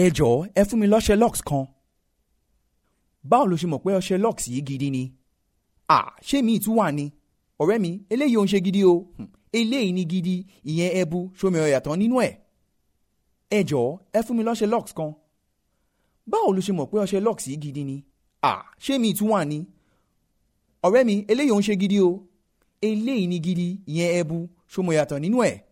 ẹ jọ̀ọ́ ẹ fún mi lọ́ṣẹ lux kan báwo lo ṣe mọ̀ pé ọṣẹ lux yìí gidi ni à ṣé mi ìtú hmm, wà ni ọ̀rẹ́ mi eléyìí ò ń ṣe gidi o eléyìí ni gidi ìyẹn ẹbu ṣomi ọ̀yà tán nínú ẹ̀ ẹ jọ̀ọ́ ẹ fún mi lọ́ṣẹ lux kan báwo lo ṣe mọ̀ pé ọṣẹ lux yìí gidi ni à ṣé mi ìtú wà ni ọ̀rẹ́ mi eléyìí ò ń ṣe gidi o eléyìí ni gidi ìyẹn ẹbu ṣomi ọ̀yà tán nínú ẹ̀